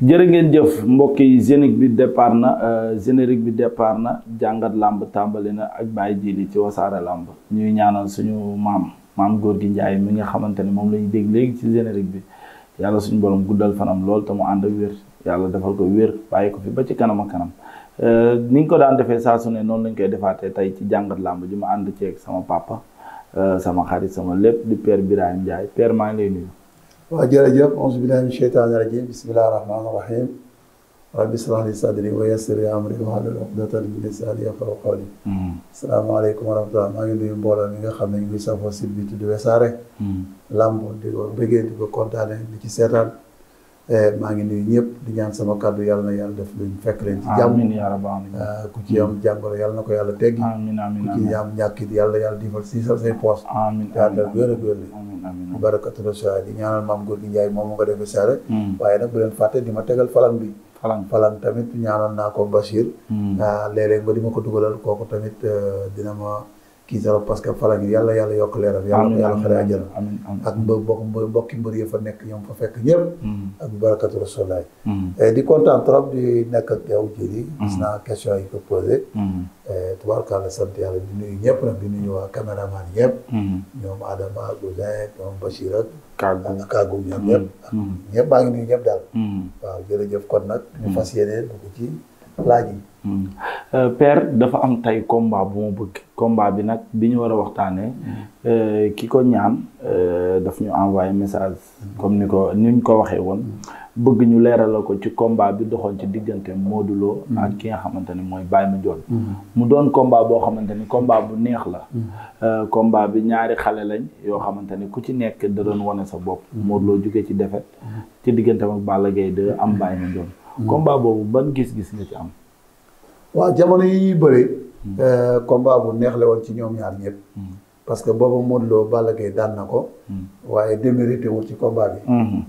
jërë jëf mbokki yi bi départ na euh, générique bi départ na jàngat làmb tàmbali na ak Baye Djily ci wasaare làmb ñuy ñaanal suñu maam maam góor gi Njaay mi nga xamante ne moom lañu ñu dégg léegi ci générique bi yàlla suñu borom guddal fanam lool te mu ànd ak wér yàlla defal ko wér bàyyi ko fi ba ci kanam ak kanam euh, ni ñu ko daan defee saa su ne noonu lañ koy defaatee tey ci jàngat làmb ji ma ànd ceeg sama papa euh, sama xarit sama lépp du père Birahim Ndiaye père maa waaw jërëjëf auzu billahi min sheytaani rajim bismillahi rahmaani rahim rabbi israh li sadri wa yassir li amri wahlul uqdatan min lisani yafqahu qawli hmm. asalaamaaleykum wa rahmatullah maa ngi nuyu mbooloo mi nga xam ne ñu ngi safoo site bi tudd Wassare hmm. Lamb di ko bëggee di ko kontaane di ci seetaan Eh, maa ngi nuyu ñëpp di ñaan sama kàddu yàlla na yàlla def luñ fekk leen ci jàmm eh, ku ci am jàngoro yàlla na ko yàlla teggi ku ci am ñàkkit yàlla yàlla difal siisal say poos yàlla a gën li barakatu rasul di ñaanal maam góor gi Njaay moom nga defee saare hmm. waaye nag bu leen fàtte di ma tegal falan bi falan falan tamit ñaanal naa ko Bachir hmm. ah, léeg-léeg ba di ma ko dugalal kooku tamit eh, dina ma kii trop parce que fala gi yàlla yàlla yokk leeram yàlla yàlla xale àjjana ak mba bokk mbokki mbër yi fa nekk ñoom fa fekk ñëpp hmm. ak barakatu rasulaay hmm. eh, di kontaan trop di nekk ak yow jëli hmm. naa question yi ko posé eh, tubaarkàlla sant yàlla di nuyu ñëpp nag di nuyu waa caméraman ñëpp ñoom Adama ak ñoom Bachir ak kàggu kàggu ñoom ngi nuyu ñëpp daal waaw jërëjëf kon nag ñu fas yéene dugg ci laaj yi Euh, per dafa am tey combat bu ma bëgg combat bi nag bi ñu war a waxtaanee euh, ki ko ñaan euh, daf ñu envoyé message comme ni ko ni ñu ko waxee woon bëgg ñu leeralal ko ci combat bi doxoon ci diggante Modou Lo ak ki nga xamante ni mooy Baye jot mu doon combat boo xamante ni combat bu neex la combat bi ñaari xale lañ yoo xamante ni ku ci nekk da doon wane sa bopp Modou Lo jugee ci défaite ci diggante ak Balla Gaye 2 am Baye mm-hmm. boobu ban gis-gis nga ci am waaw jamono yi ñuy bëree. Hmm. Euh, combat bu neex la woon ci ñoom ñaar ñëpp. Hmm. parce que boobu Modou Lo Balla Gaye daan na ko. Hmm. waaye démérité wul ci combat bi.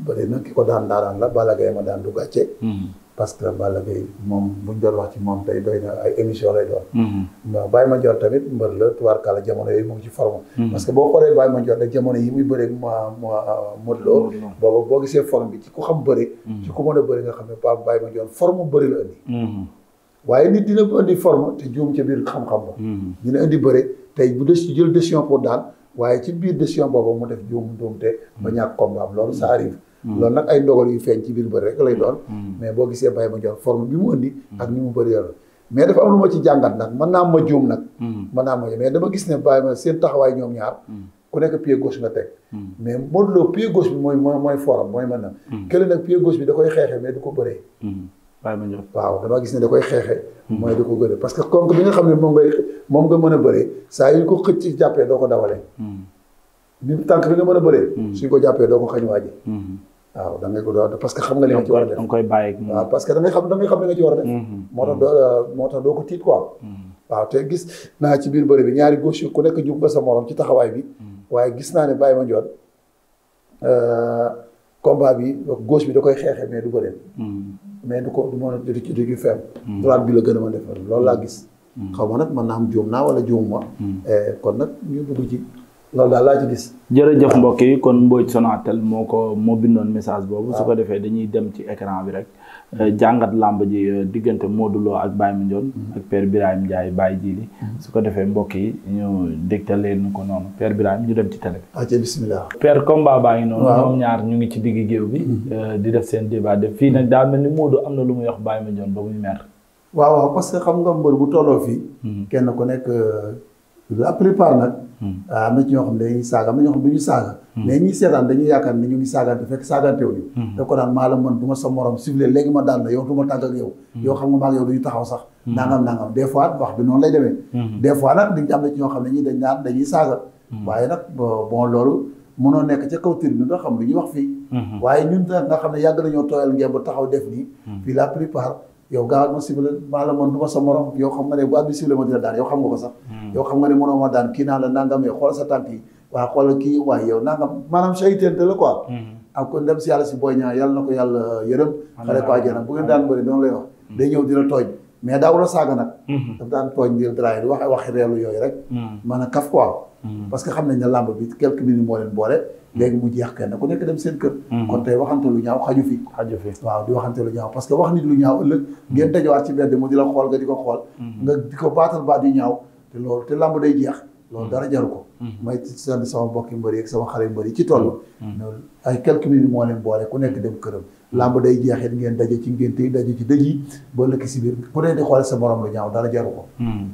bëri na ki ko daan daaraan la Balla Gaye ma daan du gàcce. parce que Balla Gaye moom buñ doon wax ci moom tey doy na ay émission lay doon. waaw Baye Mandione tamit mbër la tubaarkàlla jamono yooyu mu ngi ci forme. parce que boo xoolee Baye Mandione rek jamono yi muy bëree ma ma euh, Modou Lo. boobu boo gisee forme bi ci ku xam bëri. ci ku bëri nga xam ne Pape Baye Mandione forme mu bëri waaye nit dina indi forme te juum ca biir xam-xam ba hmm. dina indi bëre tey bu des jël décision pour daan waaye ci biir décision booba mu def juum njuumte ba hmm. ñàkk combat am loolu ça hmm. arrive loolu nag ay ndogal yu feeñ ci biir bëri rek lay doon mais boo gisee ma Mandione forme bi mu indi ak ni mu bëri yoon mais dafa am lu ma ci jàngat nag mën naa ma juum nag ma naa ma juum mais dama gis ne Baye Mandione seen taxawaay ñoom ñaar ku nekk pied gauche nga teg mais Modou Lo pied gauche bi mooy mooy forum mooy mën na kële nag bi da koy xeexee mais du ko waaye ma ñëw waaw damaa gis ne da koy xeexee. mooy di ko gën parce que konk bi nga xam ne moom ngay moom nga mën a bëree saa yu ko xëcc jàppee doo ko dawalee. Hmm. bi tànk bi nga mën a bëree. Hmm. suñ ko jàppee doo ko xañ waaji. Hmm. waaw da ko doon parce xam nga li ci war a def da nga koy bàyyi waaw parce que da ngay xam da ngay xam a def. moo tax doo moo tax doo ko tiit quoi. waaw te gis naa ci biir bëre bi ñaari gauche ku nekk jub ko sa morom ci taxawaay bi. waaye gis naa ne bàyyi ma njoon euh, combat bi gauche bi da koy xeexee mais du bëri. mais du ko du ma du ci du ci feew droite mm. bi la gën a ma defar loolu laa mm. gis mm. xaw ma nag man naa am juum naa wala juum ma eh, kon nag ñu dugg ci loolu daal laa ci gis. jërëjëf mbokk yi kon Mbodj Sonatel moo ko moo bindoon message boobu. su ko defee dañuy dem ci écran bi rek. Eh, jàngat làmb ji eh, diggante Modou Lo ak Baye Mandione. Mm-hmm. ak Père Birahim Ndiaye Baye Djili. Mm-hmm. su ko defee mbokk yi ñu dégtal leen ko noonu Père Birahim ñu dem ci tele bi. ok bisimilah. Père combat baa ngi noonu. ñoom ñaar ñu ngi ci digg géew bi. Mm-hmm. Eh, di def seen débat def fii nag daa mel ni Modou am na lu muy wax baay Mandione ba muy mer. waaw parce que xam nga mbër bu tolloo fii. kenn ku nekk. la plupart nag. Hmm. Ah, am na ci ñoo xam ne dañuy saaga am na ñoo xam ne duñu saaga. Hmm. mais ñi seetaan dañuy yaakaar ne ñu ngi saagaante fekk saagaante wu da hmm. ko naan maa la mën du sa morom sifflé léegi ma daan la yow du ma tàgg xam bi na xam lu ñuy wax fii. waaye ñun da nga xam ne yàgg nañoo tooyal ngeen taxaw def nii. la plupart yow gaawal ma sifflé ne bu at bi ma dina daan yow xam nga ko sax Mm. yow xam nga ne mënoo ma daan kii naa la nangam yow xool sa tànk yi waa xool kii waaye yow nangam maanaam sayteente la quoi mm-hmm. ak ko dem si yàlla si Boy Niang yàlla na ko yàlla yërëm xale ko àjjana bu mm. a saaga nag mm-hmm. daf daan tooñ dil draay di wax waxi reelu yooyu mm. xam nañ ne làmb bi quelques minutes moo leen boole léegi mu jeex kenn ku nekk dem seen kër mm-hmm. kon tey waxante lu ñaaw xaju fi xaju fi waaw di waxante lu ñaaw parce wax nit lu ñaaw ngeen dajawaat ci mbedd mu di la xool nga di ko xool nga di ko baatal baat yu ñaaw te loolu te làmb day jeex. loolu hmm. dara jaru ko. Hmm. may sant sama mbokki mbër yi ak sama xale mbër yi ci toll. Hmm. ay quelques minutes moo leen boole ku nekk dem këram. làmb day jeexit ngeen daje ci ngénte yi daje ci dëj yi ba lëkk si biir ku ne di xool sa morom lu ñaaw dara jaru ko.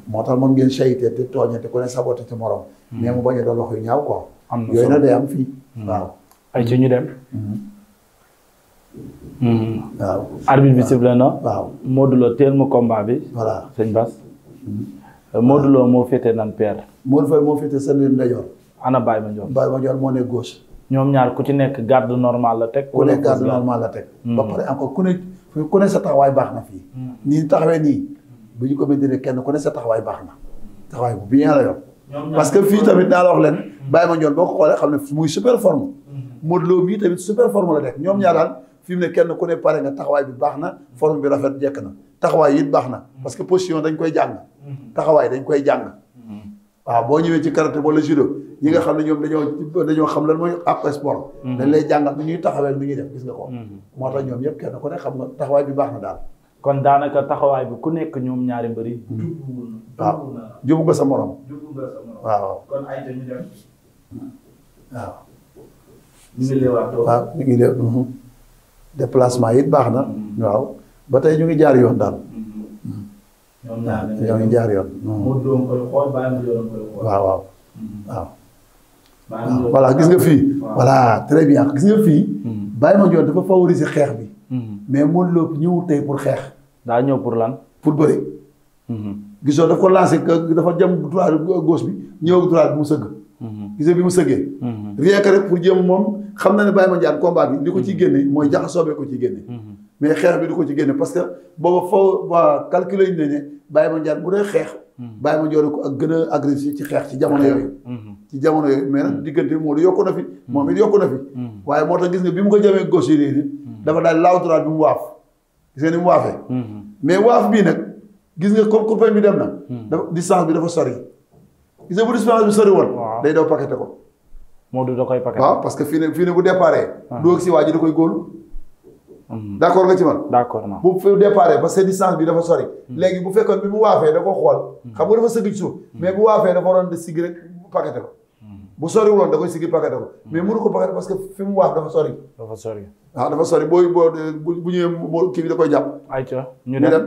moo tax mën ngeen sayte te tooñate ku ne sabote ci morom. mais mu bañ a doon yu ñaaw ko am na yooyu nag day am fii. waaw ay ci ñu dem. waaw. arbitre bi sifflé na. waaw Modou teel ma combat bi. voilà sëñ Bass. Modou Lo moo féetee nan père. Modou Faye moo féetee seen ndeyjoor. ana Baye Mandione. Baye Mandione moo nekk gauche. ñoom ñaar ku ci nekk garde normal la teg. ku nekk garde normal la teg. Hmm. ba pare encore ku nekk sa taxawaay baax na fii. Hmm. nii taxawee nii bu ñu ko méndiree kenn ku ne sa taxawaay baax na taxawaay bu bien la yor. parce que fii tamit naa la wax leen. Hmm. Baye Mandione boo ko xoolee xam ne muy super forme. Modou Lo bii tamit super forme la teg ñoom ñaar daal fi mu ne kenn ku ne pare nga taxawaay bi baax na forme bi rafet jekk na. taxawaay it baax na mm-hmm. parce que position dañ koy jàng mm-hmm. taxawaay dañ koy jàng mm-hmm. waaw boo ñëwee ci karaté wala judo ñi nga xam ne ñoom dañoo dañoo xam la mooy ak sport dañ lay jàngal ni ñuy taxawee ni ñuy def gis nga ko moo tax ñoom yëpp kenn ku ne xam nga taxawaay bi baax na daal kon daanaka taxawaay bi ku nekk ñoom ñaari mbari waaw jubu nga sa moroom waaw kon waaw ñu ngi leewaatoo waaw ñu it baax na waaw ba tey ñu ngi jaar yoon daal. ñoom ñaar ñoo ngi jaar yoon. Modou Lo koy xool Baye Modou Lo koy xool. waaw waaw mm-hmm. waaw. voilà gis nga fii. voilà très bien gis nga fii. Mm-hmm. Baye Modou Lo dafa favoriser xeex bi. Mm-hmm. mais Modou Lo ñëw tey pour xeex. daa ñëw pour lan. pour bëri. gisoo daf ko lancé dafa jëm droit gauche bi ñëw droit bi mu sëgg. gisee bi mu sëggee. rien que rek pour jéem moom xam na ne Baye Mandiane combat bi li ko ciy génne mooy jaxasoo bee ko ciy génne. mais xeex bi du ko ci génne parce que booba foo waa calculer ñu ne ne Baye bu dee xeex. Hmm. Baye Mandione ko ak gën a agressif ci xeex ci jamono yooyu. Hmm. ci jamono yooyu mais nag hmm. diggante moo di yokku na fi. moom it yokku na fi. waaye moo tax gis nga bi mu ko jamee gauche yi dafa daal laaw droite mu waaf. gis nga mais waaf bii nag gis nga comme copain bi dem na. dafa distance bi dafa sori. gis bi sori woon. day daw paqueté ko. moo du da koy paqueté. waaw parce que fii ne fii ne bu déparé. Ah. du ak si waa ji da koy góolu. Mm. d' accord nga ci man. d' accord naa bu fi déparé parce que bi dafa sori. Mm. léegi bu fekkoon bi mu waafee da ko xool. Mm. xam nga dafa sëgg ci suuf. mais bu waafee dafa waroon di sigg rek paqueté ko. bu soriwul woon da koy sigg paqueté ko. mais mënu ko paqueté parce que fi mu waaf dafa sori. dafa sori waaw ah, dafa sori booy boo bu ñëwee kii bi da koy jàpp. ayca ñu dem ñu dem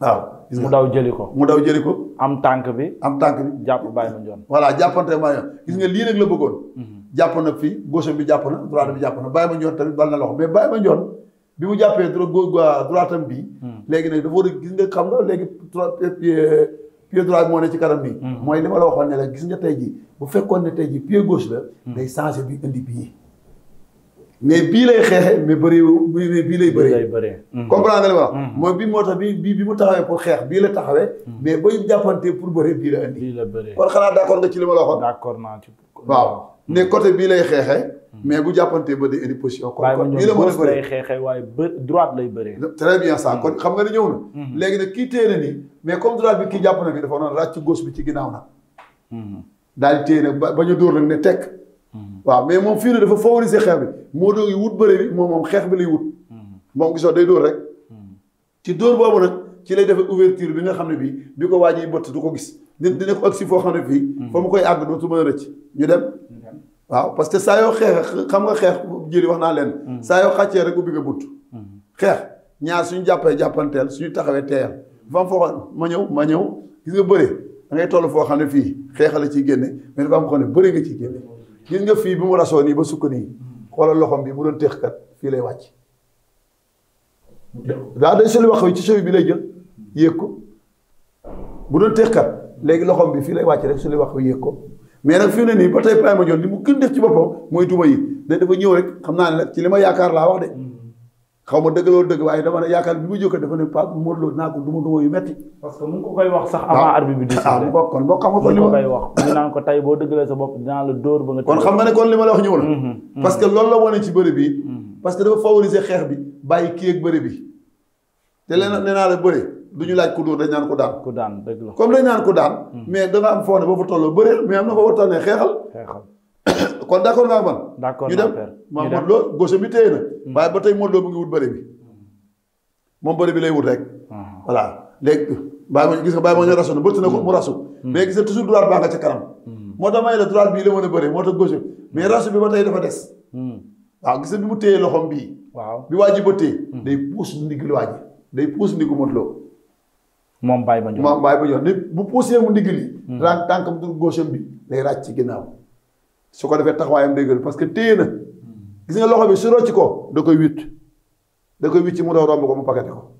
waaw. mu daw jëli ko mu daw jëli ko. am tànk bi am tànk bi. jàpp bàyyi ma njoon. voilà jàppante bàyyi gis nga lii nag la bëggoon. Mm-hmm. jàpp na fii gauche bi jàpp na droite bi jàpp na Baye Mandione tamit bal na loxo mais Baye Mandione bi mu jàppee droite am bii. Hmm. léegi nag dafa war a gis nga xam nga léegi pied moo ne ci kanam bi hmm. mooy li ma la waxoon ne la gis nga tey jii bu fekkoon ne tey jii pied gauche la. Hmm. day changé bi indi bii. mais bii lay xeexee mais bëree mais bii lay bëree. comprendre nga li ma wax. mooy bii moo tax bii bii bi mu taxawee pour xeex bii la taxawee. mais ba ñu jàppante pour bëree bii la indi. bii la bëree kon xanaa d' nga ci li ma la waxoon. d' accord naa waaw. ne côté bii lay xeexee. mais bu jàppante ba day indi position. kon kon bii la a bëree lay xeexee waaye droite hmm. nga na. Hmm. léegi nag kii téye na nii mais comme droite bi kii jàpp na bi dafa noonu ràcc gauche bi ci ginnaaw na. Hmm. daal di téye ba bañ a nag ne tekk. waaw mais moom fii ne dafa favoriser xeex bi moo doog wut bëre bi moom moom xeex bi lay wut. moom gisoo day dóor rek. ci dóor boobu nag ci lay defee ouverture bi nga xam ne bii bi ko waaj a bëtt du ko gis. nit dina ko agsi foo xam ne fii. Mm. fa mu koy àgg dootu mën a rëcc ñu dem. waaw parce que saa yoo xeex xam nga xeex jëri wax naa leen. Mm. saa yoo xàccee rek ubbi nga bunt. Mm. xeex ñaar suñu jàppee jàppanteel suñu taxawee teeyal dafa foo xam ma ñëw ma ñëw gis nga bëre da ngay toll foo xam ne fii xeex la ciy génne mais dafa am xam ne bëre nga ciy génne. gis nga fii bi mu rasoo nii ba sukk nii xoolal loxom bi mu doon téex kat fii lay wàcc. daa day soli wax ci soli bi lay jël yéeg ko bu léegi loxoom bi fii lay wàcc rek su lay wax ko yéeg ko mais nag fi ne nii ba tey Baye Mandione li mu gën def ci boppam mooy duma yi ne dafa ñëw yaakaar laa wax de xaw ma dëgg loolu waaye dama yaakaar bi ma jókka dafa ne Pape Modou Lo ko duma duma yu metti parce que mu ko koy wax sax ah. avant arbitre bi di ah, mu tey boo dëggalee sa bopp dinaa la dóor ba nga kon xam nga ne kon li ma la wax ñëw la mm-hmm, mm-hmm. parce que loolu la wane ci bëri bi mm-hmm. parce que dafa favoriser xeex bi bàyyi kii ak bëri bi te leen nee naa la bëri du ñu laaj ku dóor dañ naan ku daan. ku daan comme dañ naan ku daan. Hmm. mais dana am foo ne boo fa tolloo bëreel mais am na foo fa toll ne xeexal. kon d' accord nga man. d' accord ñu dem ma Modou Lo mi bi téye na. Hmm. waaye ba tey Modou Lo mu ngi wut bëri bi hmm. moom bëri bi lay wut rek. voilà léegi bàyyi ma gis nga bàyyi ma ñu rasu na ko mu rasu. mais gis nga toujours droite baa nga ca kanam. moo tax may mais rasu bi ba tey dafa des. waaw gis nga bi mu téye loxom bii. waaw bi waa ji ba téye. day puus ndiglu waa day puus ndigu Modou Lo moom Baye Mandione moom Baye Mandione ni bu poussé mu ndigg li daan hmm. tànkam du gauche bi day ràcc ci ginnaaw su ko defee taxawaayam day gën parce que téye na hmm. gis nga loxo bi su rocc ko da koy witt da koy witt ci mu daw romb ko mu pakete ko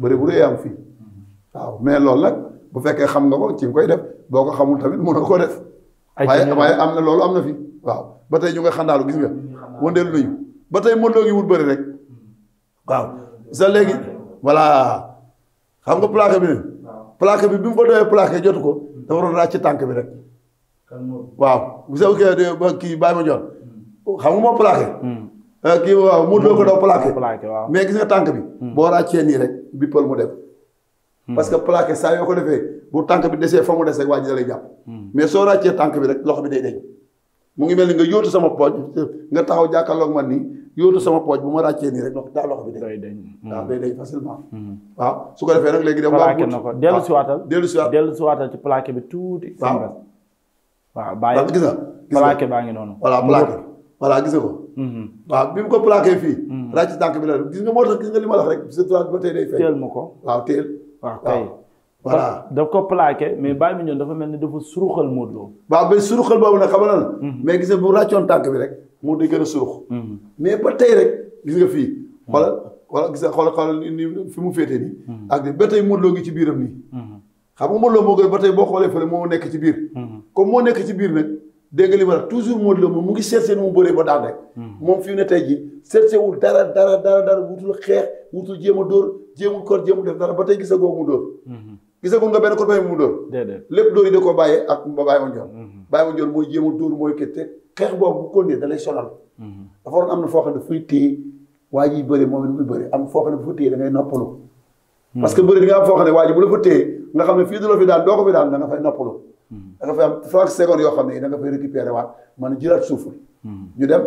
bëri bu rëy am fii hmm. waaw mais loolu nag bu fekkee xam nga ko ci nga koy def boo ko xamul tamit mënoo ko def waaye waaye am na loolu am na fi waaw ba tey ñu nga xandaalu gis nga wëndeelu nañu ba tey mënoo ngi wut bëri rek waaw xam nga plaqué bi. plaqué bi bi mu ko doyee plaqué jotu ko dafa doon raaj ci tànk bi rek. waaw bu sew kii kii bàyyi ma jox hmm. xam nga moo plaqué. Hmm. Eh, kii waaw mu doo ko doo plaqué. mais gis nga tànk bi. Hmm. boo ràccee nii rek bi pël mu dem. parce que plaqué saa yoo ko defee bu tànk bi desee fa mu des rek waa ji da jàpp. mais soo ràccee tànk bi rek loxo bi day deñ mu ngi mel ni nga yóotu sama pooj nga taxaw jàkkaarloog man nii yóotu sama pooj bu ma ràccee nii rek daa loxo bi de. day dañ waaw day dañ facilement. Hmm. waaw su ko defee nag léegi. dem plaqué na ko dellu si dellu si waatal dellu si waatal ci plaqué bi tuuti. waaw waaw bàyyi gis nga. plaqué baa ngi noonu. voilà plaqué voilà gis nga ko. Hmm. waaw bi mu ko plaqué fii. Hmm. ràcc tànk bi la gis nga moo tax gis nga li ma la rek. surtout teel ma ko waaw teel. waaw kay. voilà daf ko plaqué mais Baye Mandione dafa mel ni dafa suruxal Modou Lo. waaw ba suruxal boobu nag xamal na. Mhm. mais gis nga bu ràccoon tànk bi rek moo di gën a surux. Mhm. mais ba tey rek gis nga fii. Mhm. xoolal wala gis nga xoolal xoolal ni mu féetee nii. ak ba tey Modou Lo ngi ci biiram nii. xam nga Modou Lo moo gën ba boo xoolee fële moo nekk ci biir. comme moo nekk ci biir nag dégg nga li ma toujours Modou Lo mu ngi cherché nu mu bëree ba daan rek. moom fi mu tey jii cherché wul dara dara dara dara wutul xeex wutul jéem a dóor jéemul kor jéemul def dara ba tey gis nga googu mu dóor gisagul nga benn corpé mu dóor lépp dóor yi da ko bàyyee ak bàyyi ma njoon mhm. bàyyi ma njoon mooy jéem a dóor mooy kette xeex boobu bu kondee da lay solal mhm. dafa waroon am na foo xam ne fuy téye waa bëri moom it am foo xam ne bu fa téye da ngay noppalu mhm. parce que bëri di nga am foo xam ne waa ji bu la fa téye nga xam ne fii du la fi daan doo ko fi daan da nga fay noppalu da nga fay am 30 secondes yoo xam ne da nga fay récupérer waat man jëlaat suuf ñu dem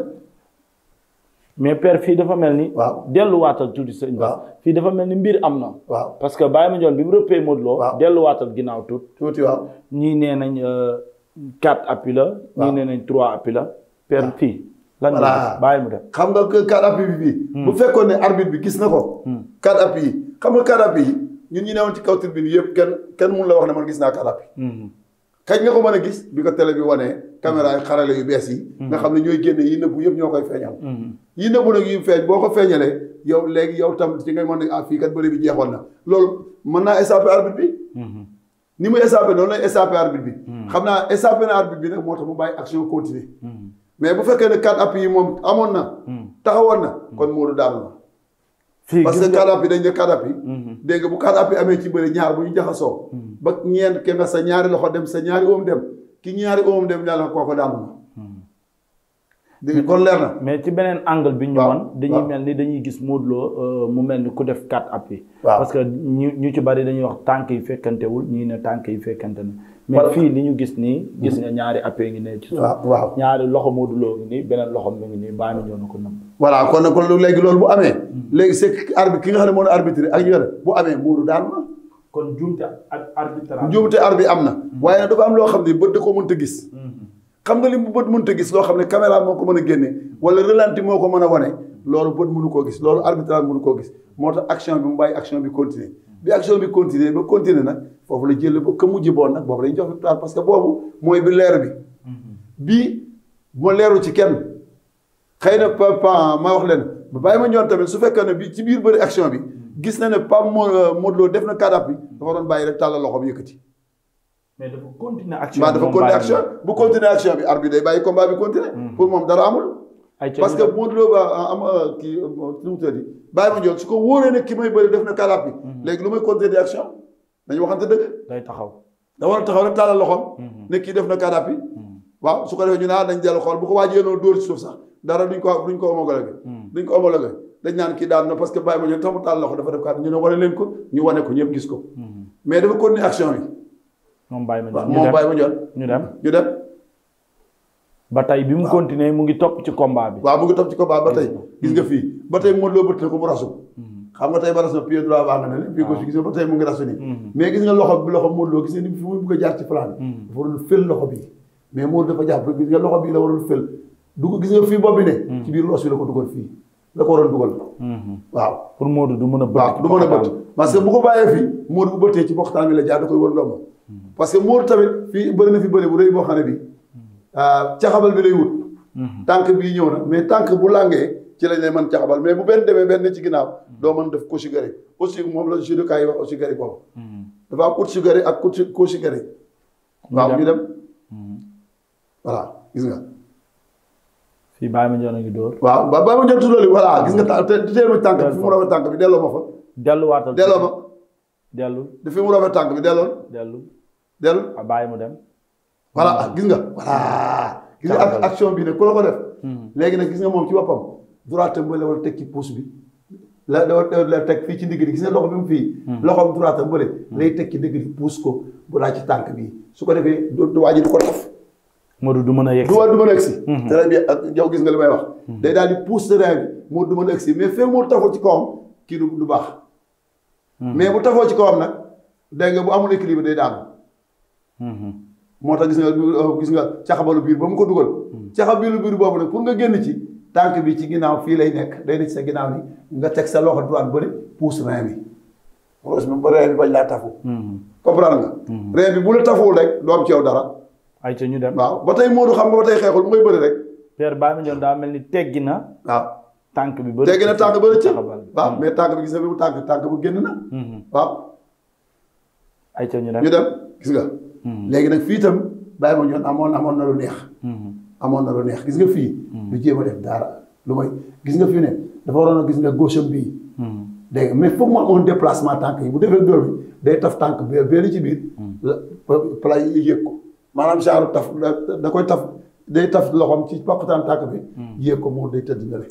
mais per fii dafa mel ni. waaw delluwaatal tuuti sëñ. waaw fii dafa mel ni mbir am na. waaw parce que Baye Mandione bi mu rëppee Modou Lo. waaw delluwaatal ginnaaw tuut. tuuti waaw ñii nee nañ euh, quatre appuis la. ñii nee nañ trois appila la. fii. lan nga bàyyi mu def xam nga que quatre appuis bi bii. bu hmm. fekkoon ne arbitre bi gis na ko. Hmm. quatre appuis yi xam nga quatre appuis yi ñun ñu newoon ci kaw tribune bi yëpp kenn kenn mënu la wax ne man gis naa quatre appuis. Hmm. kañ nga ko mën a gis bi ko télé bi wanee caméra yi mm-hmm. xarale yu bees yi nga mm-hmm. xam ne ñooy génne yi nëbbu yëpp ñoo koy feeñal mm-hmm. yi nëbbu nag yu feeñ boo ko feeñalee yow léegi yow tam ci ngay mën ne ah fii kat bëri bi jeexoon na loolu mën naa échapper arbitre bi ni mu échapper noonu lay échapper arbitre bi xam naa échapper na arbitre bi nag moo tax mu bàyyi action continuer mais bu fekkee ne quatre app yi moom amoon na taxawoon na kon Modou daanu na parce que quatre appuis dañ ne dégg nga bu car appui amee ci bëri ñaar bu ñu jaxasoo hmm. ba ñeent ke sa ñaari loxo dem sa ñaari oom dem ki ñaari oom dem daal kooko daanu na hmm. dégg kon mais ci beneen angle bi ñu wan dañuy mel ni dañuy gis Modou Lo euh, mu mel ni ku def kat quatre appuis parce que ñu ñu ci bari dañuy wax tànk yi fekkantewul ñii ne tànk yi fekkante na mais fii ni ñu gis nii. gis mm-hmm. nga ñaari appels ngi ne ci suuf. waaw ñaari loxo moo Lo ngi nii beneen loxo mi ngi nii baa mi ñëw na ko nëbb. voilà kon nag kon léegi loolu bu amee. Mm-hmm. léegi c' est ki nga xam ne moo la arbitré ak yore bu amee Modou daal na. kon njuumte ak arbitre. njuumte arbitre am na. Mm-hmm. waaye nag dafa am loo xam ne bët da koo mënta gis. xam nga li mu bët mënta gis loo xam ne caméra moo ko mën a génne wala ralenti moo ko mën a wane loolu bët mënu koo gis loolu arbitrage mënu koo gis moo tax action bi mu bàyyi action bi continuer bi action bi continuer ba continuer nag foofu la jël ba ka mujj boon nag boobu dañu jox victoire parce que boobu mooy bi bi bii leeru ci kenn xëy na papa ma wax leen ba bàyyi ma ñoon tamit su fekkee ne bi ci biir bëri action bi gis na ne Pape moo euh, Lo def na kadap bi dafa doon bàyyi rek tàllal loxoom yëkkati mais dafa continuer action dafa continuer action bu continuer action bi arbitre day bàyyi combat bi continuer hmm. pour moom dara amul parce que Modou Lo ba ah, am ah, kii ah, nu mu tëddi bàyyi ma njoon su ko wóoree ne ki may bëri def na kalap bi mhm. léegi lu may continuer di action dañu waxante dëgg day taxaw da war a taxaw rek taalal loxoom mhm. na kalap bi mhm. waaw su ko ñu naa dañ dellu xool bu ko waajee noonu ko duñ ko homologué duñ ko homologué dañ naan na parce que bàyyi ma ñoon tax mu taal loxo dafa def kaat ñu ne wane leen ko ñu wane ko ñëpp gis ko mais dafa continuer action bi moom bàyyi ma njoon ñu dem ñu dem ba tey bi mu continuer mu ngi topp ci combat bi. waaw mu ngi topp ci combat ba tey gis nga fii ba tey na ko mu rasu. Mm. xam nga tey ba rasu na gis nga ngi rasu nii. Mm. mais gis nga loxo bi loxo Modou Lo gis nga mu bëgg a jaar ci plan mm. bi. gis nga du ko fii bopp ne. ci biir loos bi la ko dugal fii la ko waroon dugal. Mm-hmm. waaw pour Modou du mën a bëtt. waaw du mën a bëtt parce que bu ko bàyyee fii Modou bu bëttee ci boxtaan bi la jaar da koy war ndomba mm-hmm. parce que Modou tamit fii bëri na fi bëri bu rëy boo xam ne bi Euh, caxabal bi lay wut. Mhm. tànk bii ñëw na mais tànk bu langee ci lañ lay mën caxabal mais bu benn demee benn ci ginnaaw mhm. doo mën def koshigari aussi moom la judoka yi wax oshigari boobu. Mhm. dafa am ushigari ak koshigari. waaw ñu dem. voilà gis nga. fii Baye Mandione a ngi dóor. waaw ba Baye Mandione tuddali voilà gis nga tànk te teelul tànk bi fi mu rafet tànk bi delloo ma fa. delluwaatal delloo ma. dellu. fi mu rafet tànk bi dellu. dellu. Ah, bàyyi mu dem. voilà gis nga voilà gis nga action bi ne ku la ko def hmm. léegi nag gis nga moom ci boppam droite mbële wala teg ci pouce bi la la teg fii ci ndigg li gis nga loxo mu fii hmm. loxo bi droite mbële hmm. lay teg ci ndigg li pousse ko bu daa ci tànk bi su ko defee du waa ji du ko def Modou du mën a yegsi du du mën a yegsi très bien gis nga li may wax day daal di pousse terrain bi Modou du mën a si mais fekk Modou tafoo ci kawam kii du du baax mais bu tafoo ci kawam nag dégg nga bu amul équilibre day daanu moo tax gis nga gis nga caxabalu biir ba mu ko dugal hmm. caxabalu biir boobu rek pour nga génn ci tànk bi ci ginnaaw fii lay nekk day nekk ci sa ginnaaw ni nga teg sa loxo droite bëri pousse rein bi pousse bañ laa tafu hmm. comprendre nga hmm. bu la rek doo ci yow dara ay ca ñu dem waaw ba tey Modou xam nga ba tey xeexul bu ngay bëri rek Père Baye Mandione daa mel ni teggi na waaw tànk bi bëri teggi na tànk bëri ci waaw mais tànk bi gis nga bi mu tànk tànk bu génn na waaw ay ca ñu dem ñu dem gis nga Hmm. léegi nag fii itam bàyyi ma ñoon amoon amoon na lu neex hmm. amoon na lu neex gis nga fii lu hmm. jéem a def dara lu may gis nga fii ne dafa waroon a gis nga gauche am bii dégg nga mais foog mu amoon déplacement tànk yi bu defee dóor bi day taf tànk bi ci biir pla yëg ko maanaam genre taf da koy taf day taf loxoom ci paqataan tànk bi yéeg ko moom day tëdd na le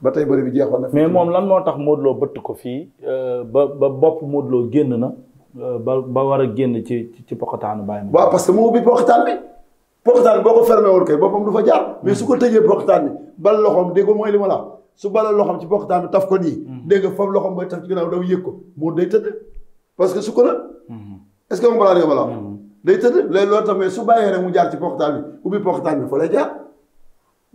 ba tey bëri bi jeexoon na mais moom lan moo tax Modou Lo bëtt ko fii euh, ba ba bopp Modou génn na ba ba war a génn ci ci poqataanu Baye Mandione. waaw parce que moo ubbi poqataan bi poqataan boo ko fermé woon kay boppam du fa jaar. Mm. ko tëjee poqataan bi bal loxoom dégg nga mooy li ma la su ko nii. Mm. dégg nga foofu loxoom moo parce que su ko la. Mm-hmm. est ce que moom balaa nga ma la mm-hmm. day tëdd mu jaar ci poqataan bi ubbi bi fa lay jaar.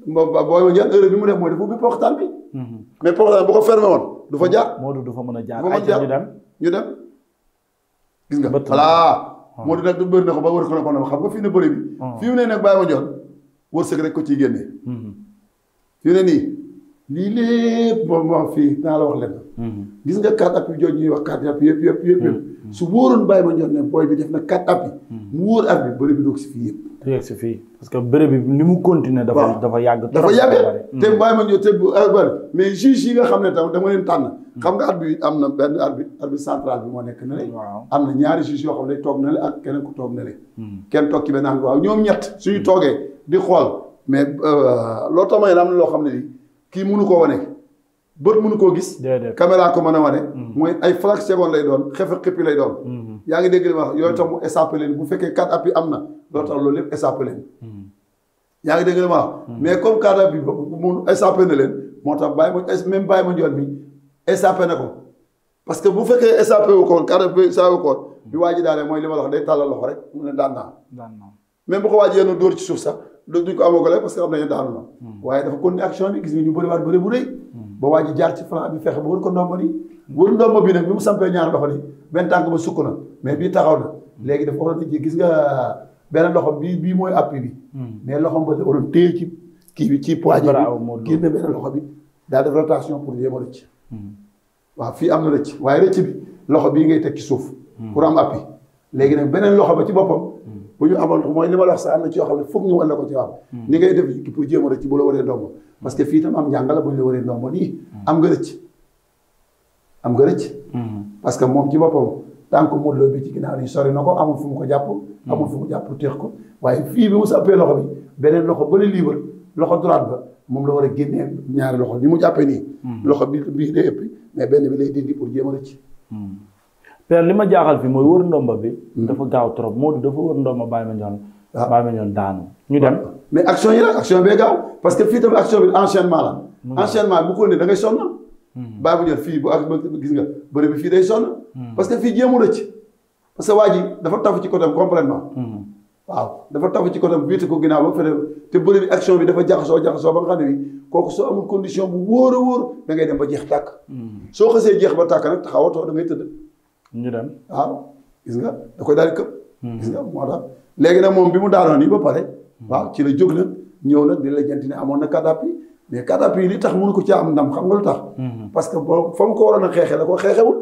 moom booy ma bi mu def mooy dafa ubbi poqataan bi. Mm-hmm. mais poqataan bi boo ko woon du fa jaar. Moodu du fa mën a jaar ay ñu dem ñu dem. gis nga voilà ah. moo di nag du bëri na ko ba wër ko na ko na xam nga fii ne bëri bi ah. fii mu ne nag bàyyi ma njoon wërsëg rek ko ciy génnee mhm. fii ne nii lii lépp moom moo fii naa la wax leen. Mhm. gis nga quatre appuis jooju ñuy wax quatre appuis yëpp yëpp yëpp mhm. su wóoroon bàyyi ma ñor ne booy bi def na kat appuis. Mhm. mu wóor at bi bëre bi doog si fii yëpp. parce que bërëb bi ni mu continuer. dafa dafa yàgg dafa yàgg te bàyyi ma ñor te bu mais juge yi nga xam ne tam dama leen tànn. xam nga at bi am na benn at bi at bi central bi moo nekk na le. waaw am na ñaari juge yoo xam ne toog na le ak keneen ku toog na le. kenn toog ci benn waaw ñoom ñett suñu toogee di xool mais euh, loo tax may loo xam ne kii mënu ko wane bët mënu koo gis. caméra ko mën a wane. Mm-hmm. mooy ay flash seconde lay doon xefe xippi lay doon. Mm-hmm. yaa ngi dégg li ma wax yooyu tax mu échappé leen bu fekkee carte d'appui am na loolu tax loolu lépp échappé leen. Mm-hmm. yaa ngi dégg li ma wax. mais comme carte d'appui mu échappé na leen moo tax bàyyi ma même bàyyi ma njoon bi échappé na ko parce que bu fekkee échappé wu koon carte d'appui échappé wu koon bi waa ji mooy li ma la wax day tàllal loxo rek mu ne daan naa. daan naa même bu ko waa ci suuf sax. duñ ko amagale parce que am nañu daanu na hmm. waaye dafa continuer action bi gis nga ñu bëri hmm. fexe ba wër ko ndomba ni wër ndomba bi mu sampee ñaar loxo ni benn tànk sukk na mais bii taxaw na hmm. dafa waroon gis nga benn loxom bi bii mooy appui bi mais loxom ba waroon ci kii bi ci poignet bi génn benn loxo bi daal def rotation pour yéem a rëcc waaw fii am na rëcc waaye rëcc bi loxo bii ngay teg ci suuf pour am appui léegi nag beneen loxo ba ci boppam bu ñu amoon mooy li ma la wax sax am na ci yoo xam ne foog ñu wane ko ci waaw hmm. ni ngay def pour jéem a rëcc bu la waree ndombo parce que fii la waree ndombo hmm. hmm. parce que moom ci boppam tànk Modou Lo bi ci ginnaaw nii na ko amul fu mu ko jàpp amul fu mu jàpp téex ko waaye fii bi mu sàppee loxo bi beneen loxo ba la liibar loxo droite ba moom la war a génnee ñaari loxo ni mu jàppee nii loxo bi bii ëpp mais benn bi lay dindi pour jéem a rëcc père li ma jaaxal fi mooy wër ndomba bi. Hmm. dafa gaaw trop Modou dafa wër ndomba Baye Mandione. waaw ah. Baye Mandione daanu ñu dem. mais action yi nag action bee gaaw parce que fii tamit action bi enchaînement la. enchaînement bu ko ne da ngay sonn. Hmm. fii bu ak gis nga bëri bi fii hmm. que fii jéemu rëcc. parce que waa ji dafa tafu ci ko am complètement. waaw dafa tafu ci côté am wiite ko ginnaaw ba fële te bëri bi action bi dafa jaxasoo jaxasoo ba nga xam ne bi kooku soo amul condition bu wóor a wóor da ngay dem ba jeex tàkk. soo xasee jeex ba tàkk nag taxawatoo da ngay tëdd ñu dem waaw ah, gis nga da koy daal di këpp. Hmm. gis nga moo tax léegi nag moom bi mu daanoon nii ba pare. Hmm. waaw ci la jóg nag ñëw nag di la jant ne amoon na kàddaap yi mais kàddaap li tax mënu ko ci am ndam xam nga lu tax. Hmm. parce que boo fa mu ko xeexee la ko xeexewul.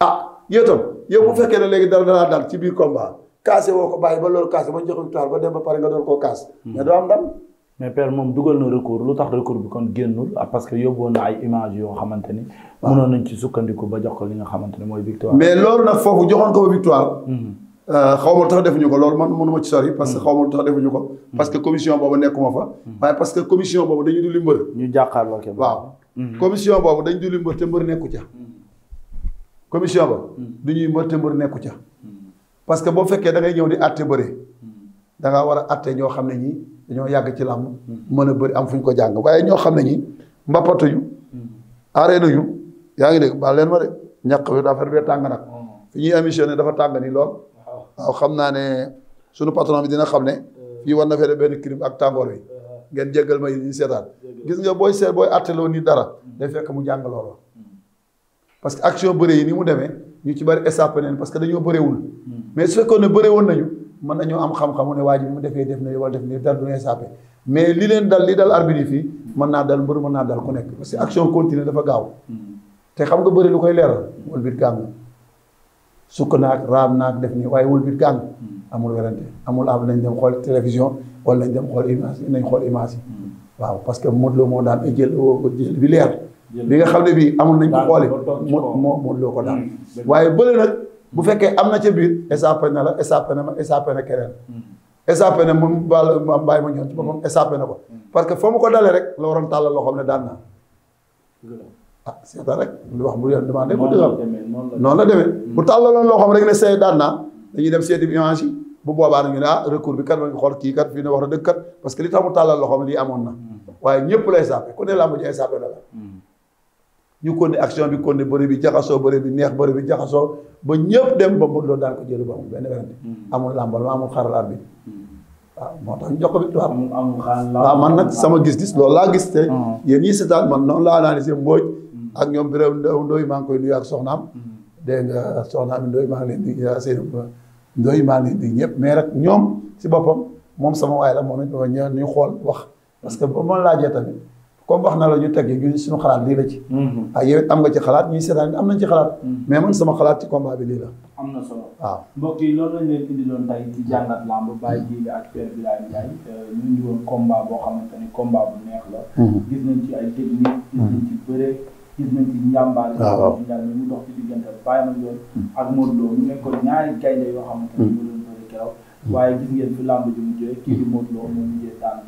ah yow bu fekkee ne léegi dara dara daal ci biir combat kaase woo ko bàyyi ba loolu kaase ba joxul taal ba dem ba pare nga doon koo kaas. mais doo am ndam. mais père moom dugal na recours lu tax recours bi kon génnul ah, parce que yóbbuwoon na ay image yoo xamante ni. waaw ah. mënoon nañ ci sukkandiku ba jox ko li nga xamante ne mooy victoire. mais loolu nag foofu joxoon ko ba victoire. Mm-hmm. Euh, xaw lu tax defuñu ko loolu man mënuma ci sori. parce que mm-hmm. xaw ma lu tax defuñu ko. Mm-hmm. parce que commission boobu nekkuma fa. waaye parce que commission boobu dañu duli mbër. ñu jàkkaarloo kenn waaw. commission boobu dañu duli mbër te mbër ba. du ñuy mbër te mbër nekku ca. parce que boo fekkee da ngay ñëw di àtte bëre. da ngaa war a àtte ñoo xam ne dañoo yàgg ci làmb mën a bëri am fu ñu ko jàng waaye ñoo xam ne ñi mbappatu yu yu yaa ngi dégg baal leen ma de ñàkk bi dafa bee tàng nag mm. fi ñuy émissionné dafa tàng ni lool waaw xam naa ne sunu patron bi dina xam ne mm. fii war na fee def benn crime ak tàngoor bi mm. ngeen jéggal ma yi ñu seetaan gis nga booy seet booy atteloo ni dara day fekk mu jàng loolu parce que action bëre yi ni mu demee ñu ci bari échappé neen parce que dañoo bëreewul mais su fekkoon ne bëreewoon nañu mën nañoo am xam-xamu ne waa bi mu defee def na wala def na dara du ne sàppe mais li leen dal li dal arbitre yi fii mën naa dal mbër mën naa dal ku nekk parce que action continue dafa gaaw te xam nga bëri lu koy leer leeral wëlbit gàng sukk naag raam naag def nii waaye wëlbit gàng amul werante amul am nañ dem xool télévision wala nañ dem xool image nañ xool image yi waaw parce que Modou Lo moo daan jël jël bi leer bi nga xam ne bii amul nañ ko xoole mo moo Modou Lo ko daan hmm. bu fekkee am na ca biir échappé na la échappé na ma échappé na keneen échappé hmm. na moom baal ma bàyyi ma ñoon ci boppam échappé hmm. na ko hmm. parce que foo mu ko dalee rek la waroon tàllal loo xam ne daan naa ah seetaan rek lu wax bu yoon demandé ko noonu la demee bu tàllaloon loo xam rek ne see daan naa dañuy dem seeti image yi bu boobaa na ñu ne ah recours bi kat ma ngi xool kii kat fii ne wax na dëgg kat parce que li tax mu tàllal loo lii amoon na waaye ñëpp la échappé ku ne laa mujj échappé na la ñu kon ne action bi kon ne bëri bi jaxasoo bëri bi neex bëri bi jaxasoo ba ñëpp dem ba mu loolu daan ko jël ba amul benn werante hmm. amul làmbal ma amul xaralaat bi hmm. waaw moo tax ñu jox ko bi tubaab man nag sama gis-gis laa gis te hmm. yéen ñi seetaan man noonu laa analysé mbooj ak ñoom biréw ndaw ndooyu maa ngi koy nuyu ak soxnaam dégg nga soxnaam ndooyu maa ngi leen di seen ndooyu maa ngi ñëpp mais rek ñoom si boppam moom sama waay la moom it ñëw ñu xool wax parce que ba ma laajee tamit comme wax na la ñu teg yi ñu suñu xalaat lii la ci ah yow am nga ci xalaat ñuy seetaan am nañ ci xalaat mm-hmm. mais man sama xalaat ci combat bi lii la am na solo waaw mbokk yi loolu lañ leen indi doon tey ci jàngat lamb bàyyi jiili ak Père mm-hmm. euh, ñu ngi woon combat boo xamante ni combat bu neex la gis nañ ci ay technique gis nañ ci bëre gis nañ ci njàmbaar yi daal ñu dox ci diggante Baye Mandione ak Modou Lo ñu nekkoon ñaari gaynde yoo xamante ni ñu doon bëre keroog waaye gis ngeen fi lamb ji mujjee kii di Modou Lo moo mujjee daan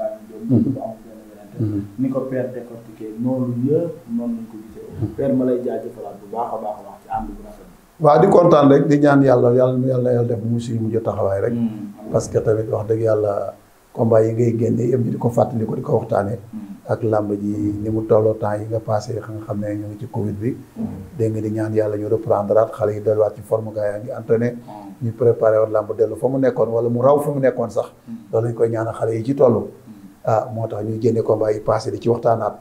Mm-hmm. ni ko père décortiqué noonu yëpp noonu lañ ko gisee. Mm-hmm. père ma lay jaajëfalaat bu baax a baax a ci ànd bu rafet waaw di kontaan rek di ñaan yàlla yàlla yàlla yàlla def mu suñu mujj taxawaay rek. Mm-hmm. parce que tamit wax dëgg yàlla combat yi ngay génne yëpp ñu ko fàttali ko di ko waxtaanee. ak làmb ji ni mu tolloo temps yi nga passé xam nga xam ne ñu ngi ci Covid bi. dégg nga di ñaan yàlla ñu reprendre at xale yi delluwaat ci forme gaa yaa ngi entraîné. ñu préparé làmb dellu fa mu nekkoon wala mu raw fa mu nekkoon sax. loolu lañ koy ñaana xale yi ci toll. ah moo tax ñuy génne combat yi passé di ci waxtaanaat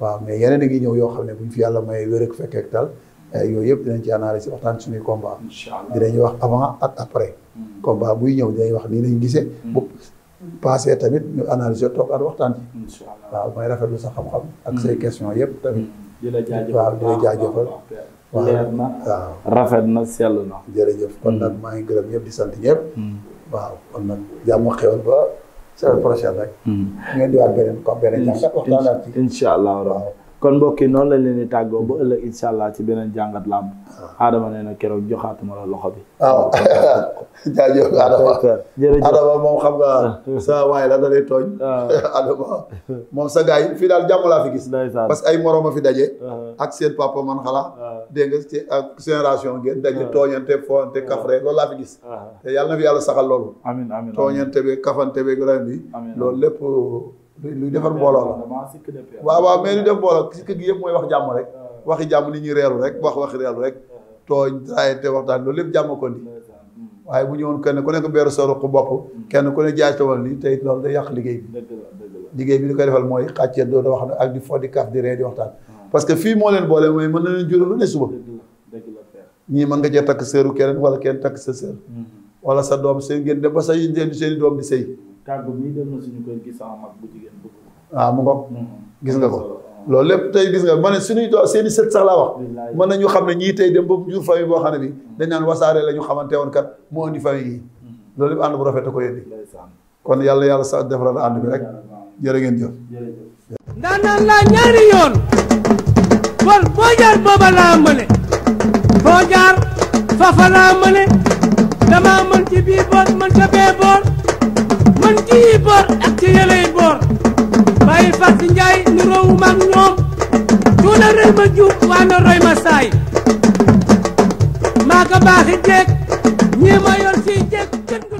waaw mais yeneen a ngi ñëw yoo xam ne bu ñu fi yàlla may wér ak fekk ak tal eh, yooyu yëpp dinañ ci analyser waxtaan suñuy combat dinañ wax avant ak après hmm. combat buy ñëw dinañ wax nii nañ gisee hmm. bu passé tamit ñu analyser toog at waxtaan ci waaw may rafetlu sa xam-xam ak say hmm. question yëpp tamit waaw di la jaajëfal leer na rafet na sell na jërëjëf kon nag maa ngi gërëm yëpp di sant yëpp waaw kon nag jàmm semaine prochaine rek. ñu hmm. ngi diwaat beneen comme beneen jàngat waxtaan ak. incha allah waaw. kon mbokk noonu lañ leen di tàggoo ba ëllëg incha ci beneen jàngat làmb. Adama nee na keroog joxaatuma la loxo bi. Ah. waaw jaajëf Adama jërëjëf moom xam nga. Ah. sa waay la da lay tooñ. Ah. Adama moom sa gars yi fii daal jàmm laa fi gis. parce ay moroom a fi daje. ak seen papa man xalaa dégg nga ci ak génération ngeen daje tooñante foonte kafre loolu laa fi gis. te yàlla na fi yàlla saxal loolu. amiin amiin tooñante bi kafante bi grand bi. loolu lépp. luy defar mbooloo la waaw waaw mais luy def mbooloo sikk gi yëpp mooy wax jàmm rek waxi jàmm li ñuy reeru rek wax waxi reeru rek tooñ raayante waxtaan loolu lépp jàmm ko ni mm. waaye bu ñëwoon kenn ku nekk beeru sa ruq bopp mm. kenn ku ne jaay tawal ni loolu day yàq liggéey bi liggéey bi li koy defal mooy xàccee doo da wax ak di fo di di ree di waxtaan parce que fii moo leen boole mooy mën na leen jural lu ne suba ñii mën nga cee takk seeru keneen wala kenn takk sa seer mm. wala sa doom seen ngeen dem ba sa seen i doom di sëy kàggu bi dem na suñu kër ko. gis nga ko. loolu lépp tey gis nga ma ne suñuy to seen i sët sax laa wax mën nañu xam ne ñii tey dem ba jur famille boo xam ne bi mm-hmm. dañ naan wasaare la ñu xamante woon kat moo indi famille yi mm-hmm. loolu lépp ànd bu rafet a ko yëndi kon yàlla yàlla sa defaral ànd bi rek jërë ngeen jëf ndaa laa ñaari yoon kon boo jaar booba laa mëne boo jaar fafa mëne dama mën ci bii boor mën ca bee boor man ci yi boor ak ci yële yi boor bàyyi fas si nu roowu mag ñoom tuuna rëy ma juub waa na roy ma saay maa ko baaxi jeeg ñii ma yor si jeeg